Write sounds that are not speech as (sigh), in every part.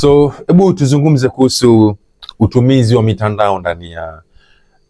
So hebu tuzungumze kuhusu utumizi wa mitandao ndani ya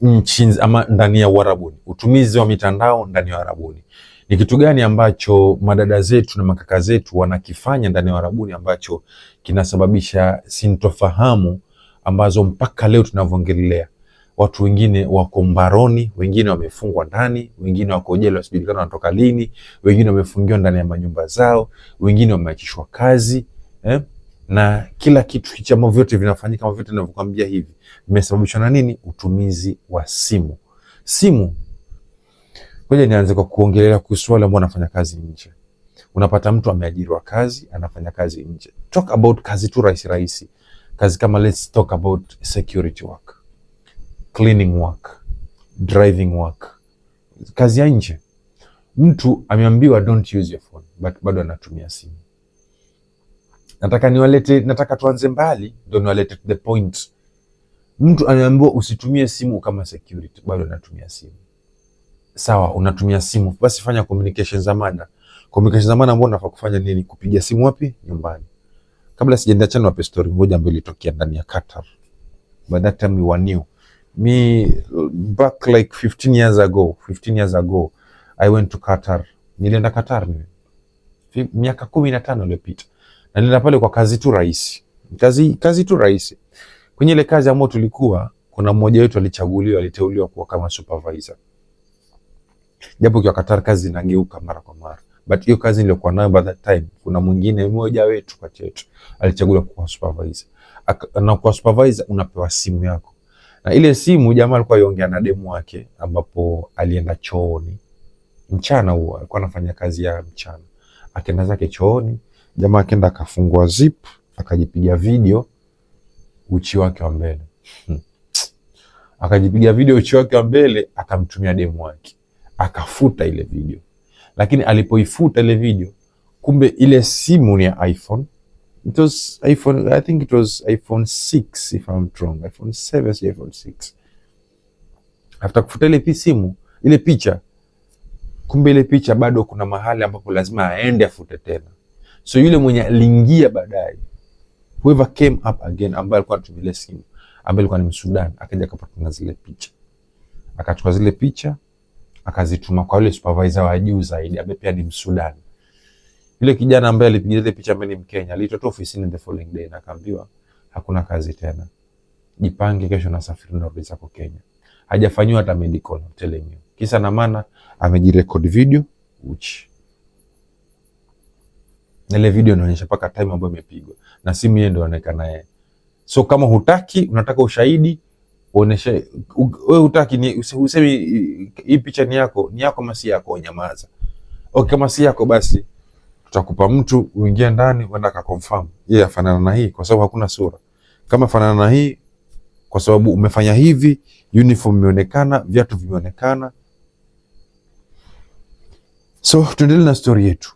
nchi ama ndani ya Uarabuni, utumizi wa mitandao ndani ya Uarabuni ni kitu gani ambacho madada zetu na makaka zetu wanakifanya ndani ya Uarabuni ambacho kinasababisha sintofahamu ambazo mpaka leo tunavyoongelea watu wengine wako mbaroni, wengine wamefungwa ndani, wengine wako jela wasijulikana wanatoka lini, wengine wamefungiwa ndani ya manyumba zao, wengine wameachishwa kazi eh? na kila kitu hicho ambavyo vyote vinafanyika ambavyo vyote ninavyokuambia hivi vimesababishwa na nini? Utumizi wa simu. Simu, ngoja nianze kwa kuongelea kuhusu swala ambao wanafanya kazi nje. Unapata mtu ameajiriwa kazi, anafanya kazi nje. Talk about kazi tu rahisi rahisi, kazi kama let's talk about security work, cleaning work, driving work, kazi ya nje. Mtu ameambiwa don't use your phone, but bado anatumia simu nataka niwalete, nataka tuanze mbali, ndo niwalete to the point. Mtu anaambiwa usitumie simu kama security, bado anatumia simu. Sawa, unatumia simu basi, fanya communication za maana. Communication za maana ambao unafaa kufanya nini? Kupiga simu wapi? Nyumbani. Kabla sijaenda chana, wape story moja ambayo ilitokea ndani ya Qatar. By that time we were new. Me back like 15 years ago, 15 years ago I went to Qatar. Nilienda Qatar mimi miaka kumi na tano iliyopita nalienda pale kwa kazi tu rahisi, kazi, kazi tu rahisi. Kwenye ile kazi ambayo tulikuwa kuna mmoja wetu alichaguliwa, aliteuliwa kuwa kama supervisor, japo kwa Qatar kazi inageuka mara kwa mara, but hiyo kazi nilikuwa nayo by that time. Kuna mwingine mmoja wetu kati yetu alichaguliwa kuwa supervisor, na kwa supervisor unapewa simu yako, na ile simu jamaa alikuwa yongea na demu wake, ambapo alienda chooni mchana, huo alikuwa anafanya kazi ya mchana, akaenda zake chooni Jamaa akaenda akafungua zip akajipiga video uchi wake wa mbele hmm. Akajipiga video uchi wake wa mbele akamtumia demu wake, akafuta ile video. Lakini alipoifuta ile video, kumbe ile simu ni ya iPhone it was iPhone, I think it was iPhone 6 if I'm wrong, iPhone 7 si iPhone 6. After kufuta ile simu ile picha, kumbe ile picha bado kuna mahali ambapo lazima aende afute tena So yule mwenye aliingia baadaye, whoever came up again, ambaye alikuwa anatumilia simu, ambaye alikuwa ni Msudani, akaja akapata zile picha, akachukua zile picha akazituma kwa yule supervisor wa juu zaidi, ambaye pia ni Msudani. Yule kijana ambaye alipiga zile picha, ambaye ni Mkenya, alitotoa ofisini the following day na akaambiwa hakuna kazi tena, jipange, kesho na safari na rudi zako Kenya. Hajafanyiwa hata medical, telling you kisa na maana, amejirekodi video uchi na ile video inaonyesha paka time ambayo imepigwa na simu yeye ndio anaonekana yeye. So kama hutaki, unataka ushahidi uoneshe, wewe hutaki ni usemi hii picha ni yako, ni yako ama si yako, nyamaza. Okay, kama si yako basi tutakupa mtu uingie ndani uenda ka confirm yeye yeah, afanana na hii kwa sababu hakuna sura. Kama afanana na hii kwa sababu umefanya hivi, uniform imeonekana, viatu vimeonekana. So tuendelee na story yetu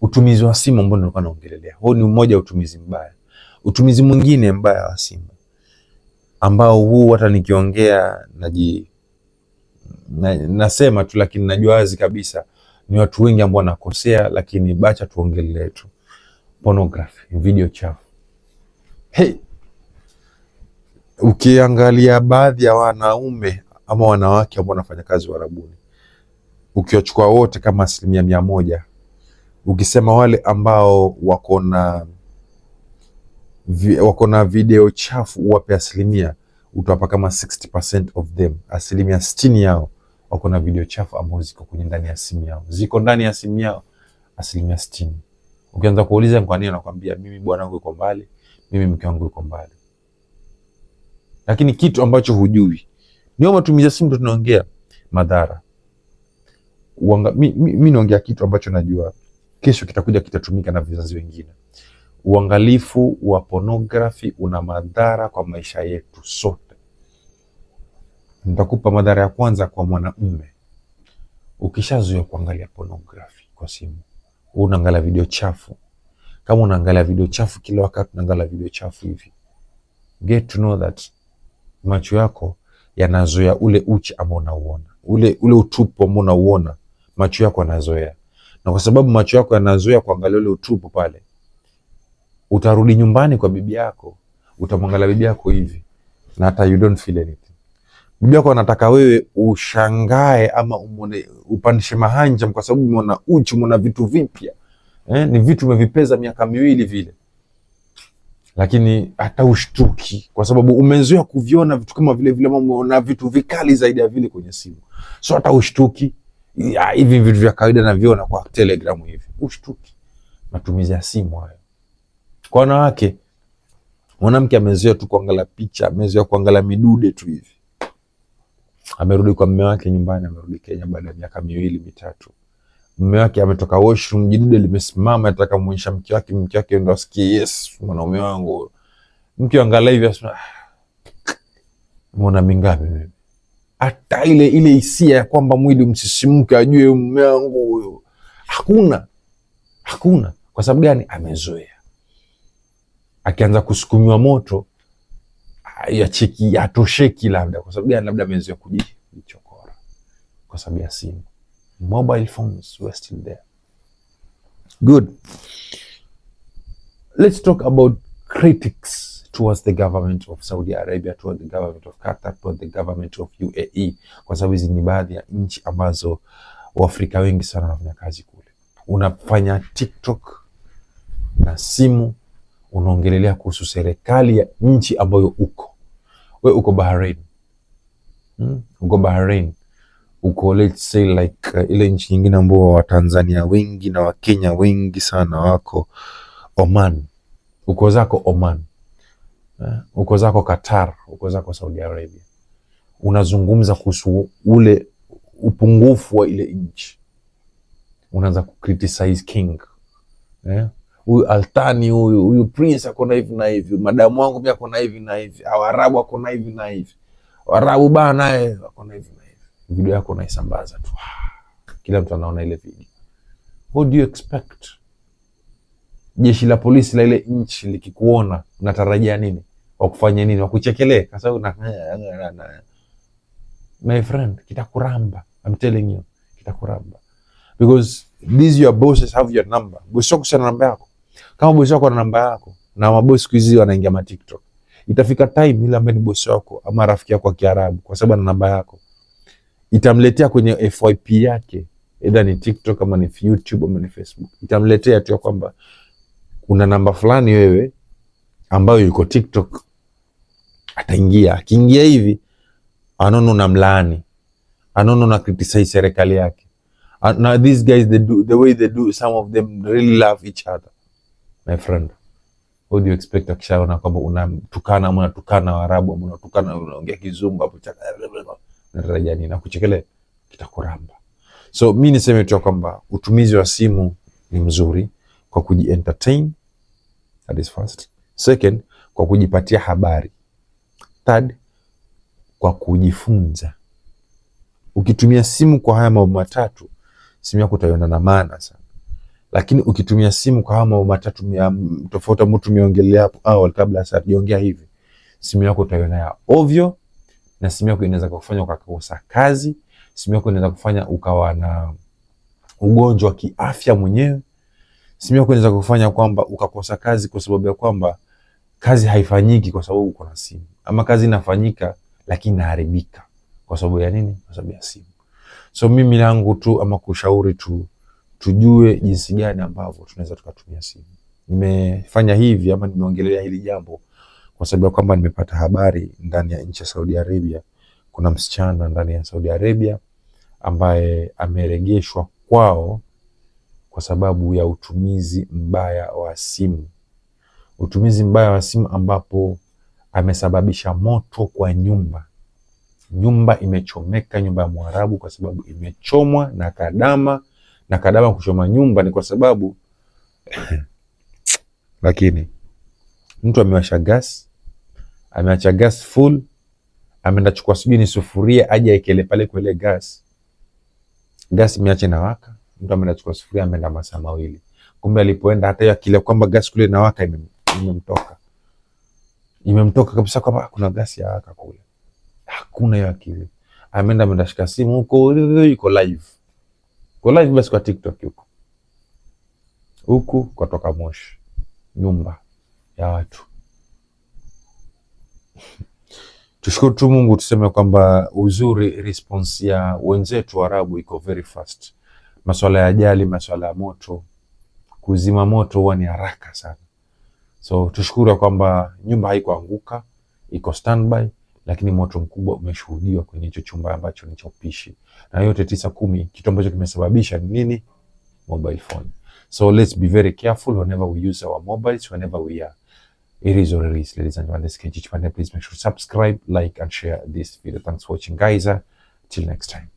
utumizi wa simu ambao nilikuwa naongelelea. Huo ni mmoja wa utumizi mbaya. Utumizi mwingine mbaya wa simu ambao huu hata nikiongea naji na, nasema tu lakini najua wazi kabisa ni watu wengi ambao wanakosea, lakini bacha tuongelee tu pornography, video chafu. Hey, ukiangalia baadhi ya wanaume ama wanawake ambao wanafanya kazi Uarabuni, ukiwachukua wote kama asilimia mia moja Ukisema wale ambao wako na wako na video chafu uwape asilimia, utawapa kama 60% of them, asilimia 60 yao wako na video chafu ambazo ziko kwenye ndani ya simu yao, ziko ndani ya simu yao asilimia 60. Ukianza kuuliza kwa nini, anakuambia mimi wangu yuko mbali, mimi mke wangu yuko mbali. Lakini kitu ambacho hujui ni matumizi ya simu, ndo tunaongea madhara. Mi, mi, mi naongea kitu ambacho najua kesho kitakuja kitatumika na vizazi wengine. Uangalifu wa pornography una madhara kwa maisha yetu sote. Nitakupa madhara ya kwanza kwa mwanaume. Ukishazuia kuangalia pornography kwa simu, unaangalia video chafu. Kama unaangalia video chafu kila wakati, unaangalia video chafu hivi, get to know that macho yako yanazoea ule uchi ambao unauona, ule ule utupu ambao unauona, macho yako yanazoea na kwa sababu macho yako yanazoea kuangalia ule utupu pale, utarudi nyumbani kwa bibi yako, utamwangalia bibi yako hivi na hata you don't feel anything. Bibi yako anataka wewe ushangae ama umone, upandishe mahanja kwa sababu umeona uchi, umeona vitu vipya eh, ni vitu umevipeza miaka miwili vile, lakini hata ushtuki kwa sababu umezoea kuviona vitu kama vile vile, umeona vitu vikali zaidi ya vile kwenye simu, so hata ushtuki hivi vitu vya kawaida naviona kwa Telegram hivi, ushtuki. Matumizi ya simu hayo kwa wanawake. Mwanamke amezoea tu kuangalia picha, amezoea kuangalia midude tu hivi. Amerudi kwa mme wake nyumbani, amerudi Kenya baada ya miaka miwili mitatu, mme wake ametoka washroom, jidude limesimama, nataka muonyesha mke wake, mke wake ndo asikie yes, mwanaume wangu. Mke angalia hivi, asema ah, mbona mingapi mimi hata ile ile hisia ya kwamba mwili msisimke, ajue mume wangu huyo, hakuna hakuna. Kwa sababu gani? Amezoea. Akianza kusukumiwa moto ya cheki labda kwa sababu gani? Labda amezoea kujichokora kwa sababu ya simu. Mobile phones were still there. Good, let's talk about critics towards the government of Saudi Arabia, towards the government of Qatar, towards the government of UAE, kwa sababu hizi ni baadhi ya nchi ambazo Waafrika wengi sana wanafanya kazi kule. Unafanya TikTok na simu, unaongelelea kuhusu serikali ya nchi ambayo uko we, uko Bahrain hmm? uko Bahrain uko let's say like uh, ile nchi nyingine ambao Watanzania wengi na Wakenya wengi sana wako Oman, uko zako Oman Eh, uko zako Qatar, uko zako Saudi Arabia, unazungumza kuhusu ule upungufu wa ile nchi, unaanza ku criticize king eh, huyu altani huyu huyu prince akona hivi na hivi, madamu wangu pia akona hivi na hivi, awarabu akona hivi na hivi, warabu bana naye akona hivi na hivi. Video yako unaisambaza tu, kila mtu anaona ile video. What do you expect? Jeshi la polisi la ile nchi likikuona unatarajia nini? wakufanya nini, kwa sababu eh, na. my friend, kitakuramba. I'm telling you kitakuramba because these your bosses have your number. Bosi wako sana namba yako, kama bosi wako ana namba yako, na mabosi siku hizi wanaingia ma TikTok, itafika time ile ambaye ni bosi wako ama rafiki yako wa Kiarabu, kwa sababu ana namba yako, itamletea kwenye FYP yake, either ni TikTok ama ni YouTube ama ni Facebook, itamletea tu kwamba kuna namba fulani wewe ambayo yuko TikTok ataingia. Akiingia hivi, anaona mlaani, anaona na criticize serikali yake. Now these guys they do, the way they do some of them really love each other my friend, what do you expect? Akishaona kwamba unatukana ama unatukana Waarabu ama unatukana unaongea Kizungu hapo cha natarajia nini? Na kuchekele kitakuramba. So mi niseme tu kwamba utumizi wa simu ni mzuri kwa kujientertain, that is first Second, kwa kujipatia habari. Third, kwa kujifunza. Ukitumia simu kwa haya mambo matatu, simu yako utaiona na maana sana. Lakini ukitumia simu kwa haya mambo matatu tofauti ambayo tumeongelea hapo awali, kabla sasa hivi, simu yako utaiona ya ovyo, na simu yako inaweza kufanya ukakosa kazi. Simu yako inaweza kufanya ukawa na ugonjwa kiafya mwenyewe. Simu yako inaweza kufanya kwamba ukakosa kazi kwa sababu ya kwamba kazi haifanyiki kwa sababu uko na simu, ama kazi inafanyika lakini inaharibika kwa sababu ya nini? Kwa sababu ya simu. So mimi langu tu ama kushauri tu, tujue jinsi gani ambavyo tunaweza tukatumia simu. Nimefanya hivi ama nimeongelea hili jambo kwa sababu ya kwamba nimepata habari ndani ya nchi ya Saudi Arabia, kuna msichana ndani ya Saudi Arabia ambaye ameregeshwa kwao kwa sababu ya utumizi mbaya wa simu utumizi mbaya wa simu ambapo amesababisha moto kwa nyumba. Nyumba imechomeka, nyumba ya Mwarabu kwa sababu imechomwa na Kadama, na Kadama kuchoma nyumba ni kwa sababu (laughs) lakini mtu amewasha gas, ameacha gas full, ameenda chukua sijui ni sufuria aje aekele pale kwa ile gas, gas imeacha inawaka, mtu ameenda chukua sufuria, ameenda masaa mawili, kumbe alipoenda hata hiyo akili kwamba gas kule inawaka imemwaka imemtoka, imemtoka kabisa kwamba kuna gasi ya haka kule, hakuna hiyo akili. Ameenda amendashika simu huko, yuko live, kwa live basi kwa TikTok huko huku, kwatoka moshi, nyumba ya watu (laughs) Tushukuru tu Mungu, tuseme kwamba uzuri response ya wenzetu Arabu iko very fast. Maswala ya ajali, maswala ya moto, kuzima moto huwa ni haraka sana. So tushukuru kwamba nyumba haikuanguka, iko standby, lakini moto mkubwa umeshuhudiwa kwenye hicho chumba ambacho ni cha upishi, na yote tisa kumi, kitu ambacho kimesababisha ni nini? Mobile phone. So let's be very careful whenever we use our mobiles, whenever we are It is already is, ladies and gentlemen. This is Please make sure to subscribe, like, and share this video. Thanks for watching, guys. Till next time.